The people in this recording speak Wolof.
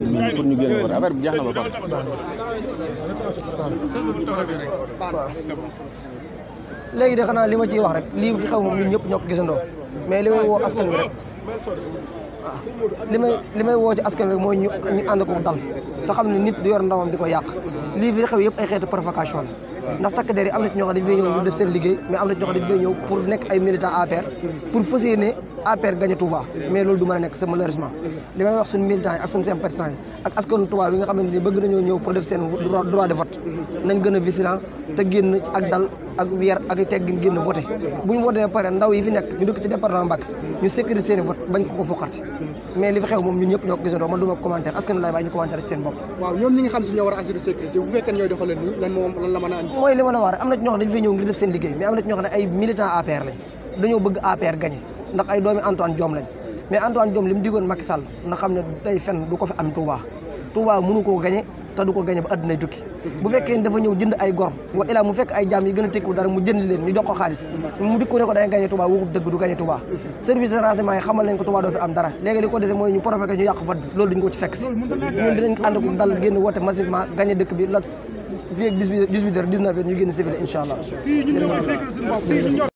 pour ñu bi jeex na ba pare. léegi de xanaa li ma ciy wax rek lii fi xew moom ñun ñëpp ñoo ko gisandoo mais li may woo askan li may li may woo ci askan wi mooy ñu ñu ànd dal te xam ne nit di yor ndawam di ko yàq lii fi xew yëpp ay xeetu provocation la. ndax takk der yi am na ci ñoo xam fee ñëw ngir def seen liggéey mais am na ci ñoo xam fee ñëw pour nekk ay militant APR pour fas yéene. APR gagné Touba mais loolu du mën a nekk c'est malheureusement li wax suñu militants yi ak suñu sympathisants yi ak yi a vigilant te génn ci ak ak weer ak teggin nga xam si a assurer sécurité bu nii lan a na ci ñoo xam dañu fay ñëw ngir def dañoo bëgg APR gagné ndax ay doomi Antoine Diome lañ mais Antoine Diome li mu digoon Macky Sall na xam ne tey fenn du ko fi du ko gañe ba dafa ñëw jënd ay gor wa ilaa mu fekk ay jaam yi gën a tekku dara mu jënd leen ñu jox ko xaalis mu dikku ne ko dangay gañe Touba waxut dëgg du gañe Touba service de renseignement xamal nañ ko Touba doo fekk si ñun dinañ ànd ko dal génn woote massivement gañe dëkk bi la fii ak 18 heures ñu génn civil incha allah